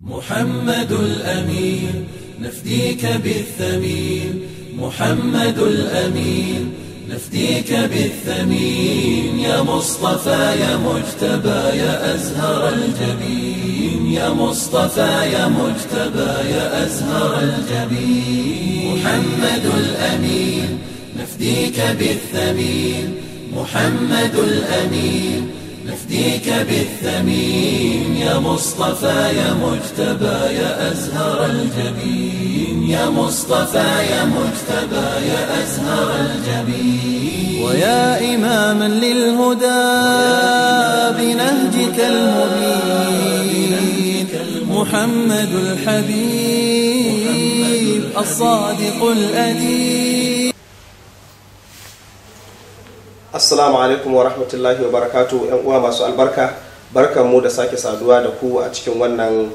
محمد الأمين نفديك بالثمين محمد الأمين نفديك بالثمين يا مصطفى يا مجتبى يا أزهر الجبين يا مصطفى يا مجتبى يا أزهر الجبين محمد الأمين نفديك بالثمين محمد الأمين نفديك بالثمين يا مصطفى يا مجتبى يا أزهر الجبين يا مصطفى يا مجتبى يا أزهر الجبين ويا إماما للهدى بنهجك المبين محمد الحبيب الصادق الأديب assalamu alaikum wa rahmatullahi wa barakatu yan uwa masu albarka barkan mu da sake saduwa da ku a cikin wannan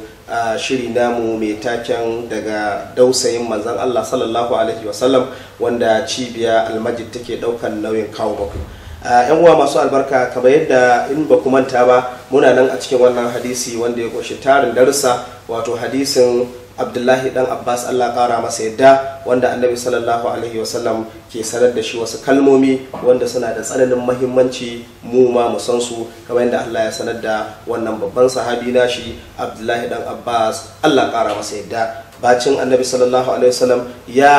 shiri namu mai taken daga dausayin manzan Allah sallallahu alaihi wasallam wanda cibiya almajid take daukan nauyin kawo baku. yan uwa masu albarka kamar yadda in ba ku manta ba muna nan a cikin wannan hadisi wanda ya ƙunshi tarin darussa wato hadisin abdullahi dan abbas allah kara masa yadda wanda annabi sallallahu alaihi wasallam ke sanar da shi wasu kalmomi wanda suna da tsananin muhimmanci mu ma mu san su kamar yadda allah ya sanar da wannan babban sahabi nashi abdullahi dan abbas allah kara masa yadda bacin annabi sallallahu alaihi wasallam ya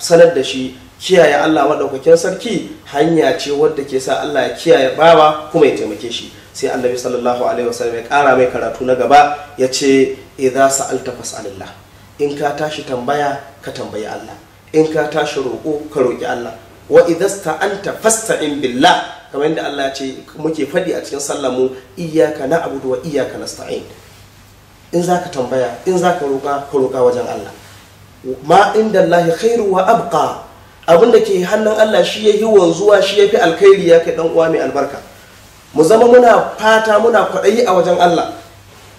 sanar da shi kiyaye allah maɗaukakin sarki hanya ce wadda ke sa allah ya kiyaye bawa kuma ya taimake shi sai annabi sallallahu alaihi wasallam ya kara mai karatu na gaba ya ce idza sa'alta fas'alillah in ka tashi tambaya ka tambayi Allah in ka tashi roƙo ka roƙi Allah wa idza sta'anta fasta'in billah kamar yadda Allah ya ce muke faɗi a cikin sallamu iyyaka na'budu wa iyyaka nasta'in in zaka tambaya in zaka roƙa ka roƙa wajen Allah ma inda Allah khairu wa abqa abinda ke hannun Allah shi ya yayi wanzuwa shi yafi alkhairi ya kai dan uwa mai albarka mu zama muna fata muna kwaɗayi a wajen Allah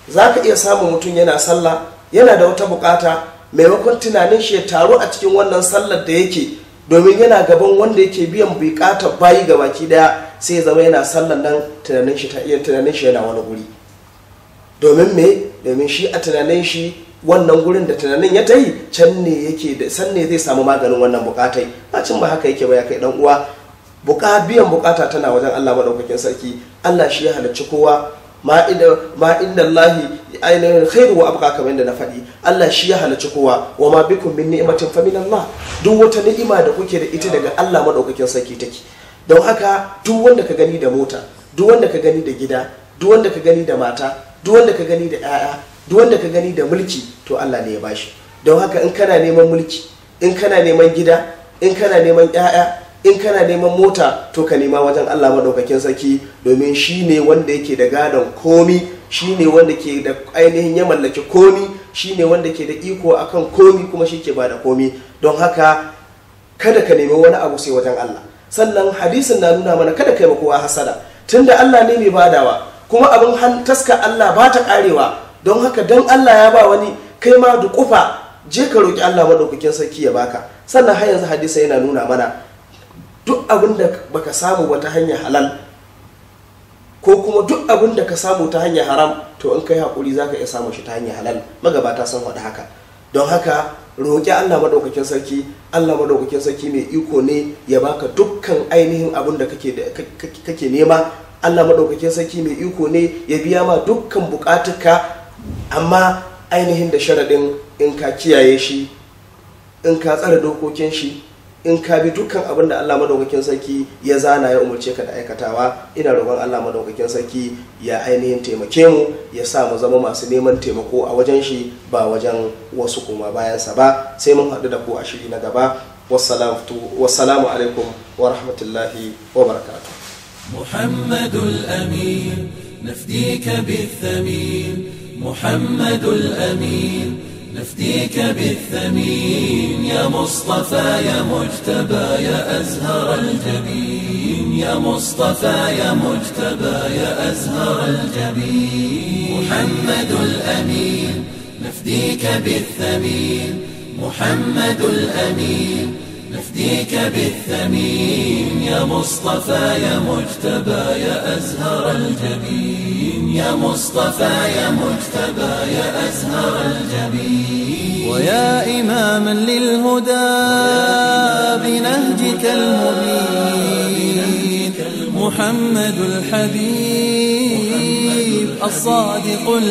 za ka iya samun mutum yana sallah yana da wata bukata maimakon tunanin shi ya taru a cikin wannan sallar da yake domin yana gaban wanda yake biyan bukatar bayi ga baki daya sai ya zama yana sallar nan tunanin shi iya tunanin shi yana wani guri domin me domin shi a tunanin shi wannan gurin da tunanin ya ta yi can ne yake zai samu maganin wannan bukatai ba cin ba haka yake ba ya kai dan uwa buka biyan bukata tana wajen Allah maɗaukakin sarki Allah shi ya halarci kowa ma inda Allahi ainihin khairu wa abqa kamar yadda na faɗi Allah shi ya halarci kowa wa ma bikum min ni'matin fa min Allah duk wata ni'ima da kuke da ita daga Allah maɗaukakin sarki take don haka duk wanda ka gani da mota duk wanda ka gani da gida duk wanda ka gani da mata duk wanda ka gani da ƴaƴa duk wanda ka gani da mulki to Allah ne ya bashi don haka in kana neman mulki in kana neman gida in kana neman ƴaƴa. in kana neman mota to ka nema wajen Allah maɗaukakin sarki domin shi ne wanda yake da gadon komi shi ne wanda ke da ainihin ya mallaki komi shi ne wanda ke da iko akan komi kuma shi ke ba da komi don haka kada ka nemi wani abu sai wajen Allah sannan hadisin na nuna mana kada kai kowa hasada tunda Allah ne mai badawa kuma abin taska Allah ba ta karewa don haka don Allah ya ba wani kai ma da kufa je ka roki Allah maɗaukakin sarki ya baka sannan har yanzu hadisa yana nuna mana duk abin baka samu ba ta halal ko kuma duk abin da ka samu ta hanyar haram to in kai hakuri zaka iya samun shi ta hanyar halal magabata sun faɗi haka don haka roƙi allah maɗaukakin sarki allah maɗaukakin sarki mai iko ne ya baka dukkan ainihin abin da kake nema allah maɗaukakin sarki mai iko ne ya biya ma dukkan buƙatuka amma ainihin da sharaɗin in ka kiyaye shi in ka tsara dokokin shi in ka bi dukkan abin da Allah madaukakin sarki ya zana ya umarce ka da aikatawa ina roƙon Allah madaukakin sarki ya ainihin taimake mu ya sa mu zama masu neman taimako a wajen shi ba wajen wasu kuma bayansa ba sai mun haɗu da ku a shiri na gaba wassalamu alaikum wa rahmatullahi wa barakatuh Amin الأمين نفديك بالثمين Muhammadul Amin. نفديك بالثمين يا مصطفى يا مجتبى يا أزهر الجبين يا مصطفى يا مجتبى يا أزهر الجبين محمد الأمين نفديك بالثمين محمد الأمين نفديك بالثمين يا مصطفى يا مجتبى يا أزهر الجبين يا مصطفى يا مجتبى يا أزهر الجبين ويا إماما للهدى بنهجك المبين محمد الحبيب الصادق